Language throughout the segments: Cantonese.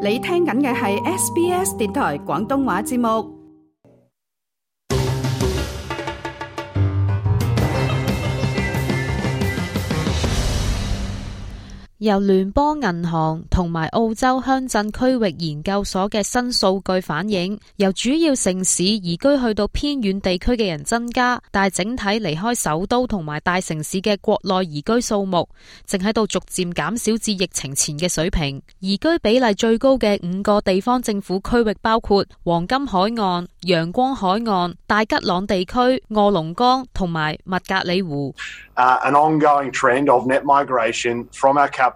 你聽緊嘅係 SBS 電台廣東話節目。由聯邦銀行同埋澳洲鄉鎮區域研究所嘅新數據反映，由主要城市移居去到偏遠地區嘅人增加，但係整體離開首都同埋大城市嘅國內移居數目，正喺度逐漸減少至疫情前嘅水平。移居比例最高嘅五個地方政府區域包括黃金海岸、陽光海岸、大吉朗地區、臥龍崗同埋麥格里湖。Uh,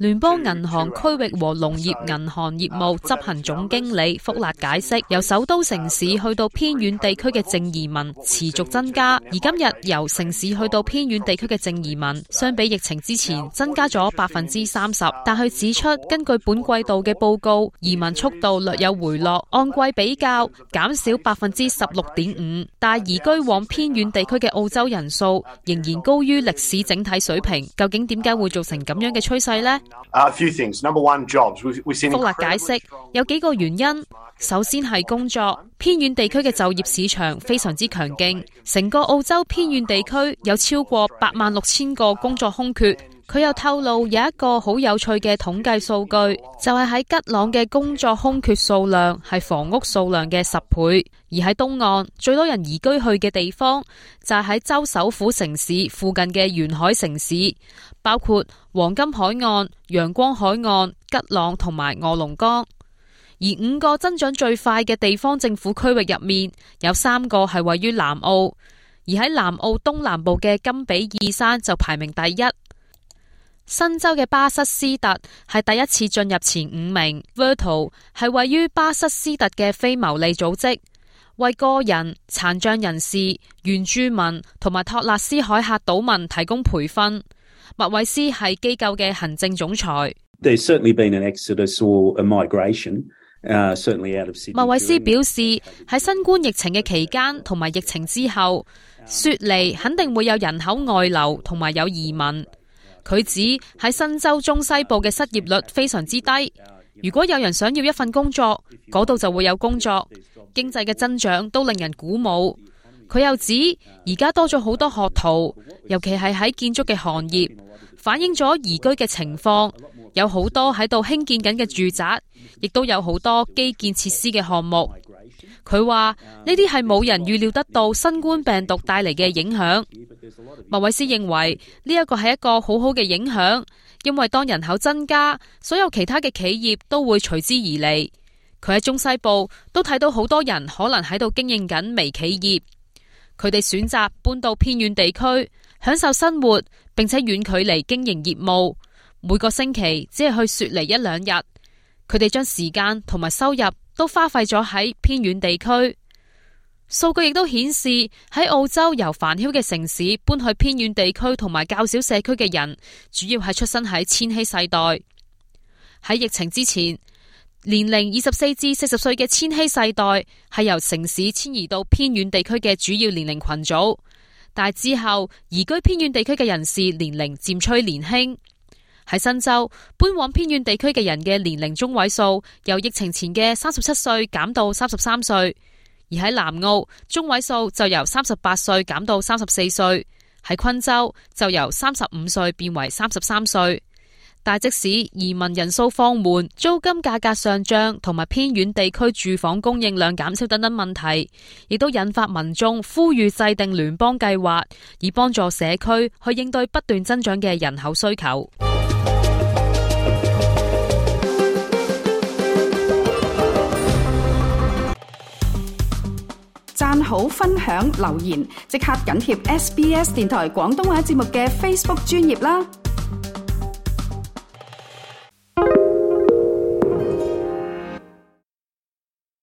聯邦銀行區域和農業銀行業務執行總經理福納解釋，由首都城市去到偏遠地區嘅正移民持續增加，而今日由城市去到偏遠地區嘅正移民相比疫情之前增加咗百分之三十。但佢指出，根據本季度嘅報告，移民速度略有回落，按季比較減少百分之十六點五。但移居往偏遠地區嘅澳洲人數仍然高於歷史整體水平。究竟點解會造成咁樣嘅趨勢呢？A few things. Number one, jobs. 我我哋福勒解釋有幾個原因。首先係工作，偏遠地區嘅就業市場非常之強勁，成個澳洲偏遠地區有超過八萬六千個工作空缺。佢又透露有一個好有趣嘅統計數據，就係喺吉朗嘅工作空缺數量係房屋數量嘅十倍。而喺東岸，最多人移居去嘅地方就係喺州首府城市附近嘅沿海城市，包括黃金海岸、陽光海岸、吉朗同埋臥龍崗。而五個增長最快嘅地方政府區域入面，有三個係位於南澳，而喺南澳東南部嘅金比爾山就排名第一。新州嘅巴塞斯特係第一次進入前五名。Verto 係位於巴塞斯特嘅非牟利組織，為個人、殘障人士、原住民同埋托勒斯海峽島民提供培訓。麥偉斯係機構嘅行政總裁。There's certainly been an exodus or a migration, uh, certainly out of. 麥偉斯表示，喺新冠疫情嘅期間同埋疫情之後，雪梨肯定會有人口外流同埋有移民。佢指喺新州中西部嘅失業率非常之低，如果有人想要一份工作，嗰度就會有工作。經濟嘅增長都令人鼓舞。佢又指而家多咗好多學徒，尤其係喺建築嘅行業，反映咗移居嘅情況。有好多喺度興建緊嘅住宅，亦都有好多基建設施嘅項目。佢話：呢啲係冇人預料得到新冠病毒帶嚟嘅影響。麥偉斯認為呢一個係一個好好嘅影響，因為當人口增加，所有其他嘅企業都會隨之而嚟。佢喺中西部都睇到好多人可能喺度經營緊微企業，佢哋選擇搬到偏遠地區享受生活，並且遠距離經營業務。每個星期只係去雪梨一兩日，佢哋將時間同埋收入，都花費咗喺偏遠地區。數據亦都顯示，喺澳洲由繁囂嘅城市搬去偏遠地區同埋較小社區嘅人，主要係出生喺千禧世代。喺疫情之前，年齡二十四至四十歲嘅千禧世代係由城市遷移到偏遠地區嘅主要年齡群組，但之後移居偏遠地區嘅人士年齡漸趨年輕。喺新州搬往偏遠地區嘅人嘅年齡中位數由疫情前嘅三十七歲減到三十三歲，而喺南澳中位數就由三十八歲減到三十四歲。喺昆州就由三十五歲變為三十三歲。但即使移民人數放緩、租金價格上漲同埋偏遠地區住房供應量減少等等問題，亦都引發民眾呼籲制定聯邦計劃，以幫助社區去應對不斷增長嘅人口需求。好分享留言，即刻緊貼 SBS 電台廣東話節目嘅 Facebook 專頁啦！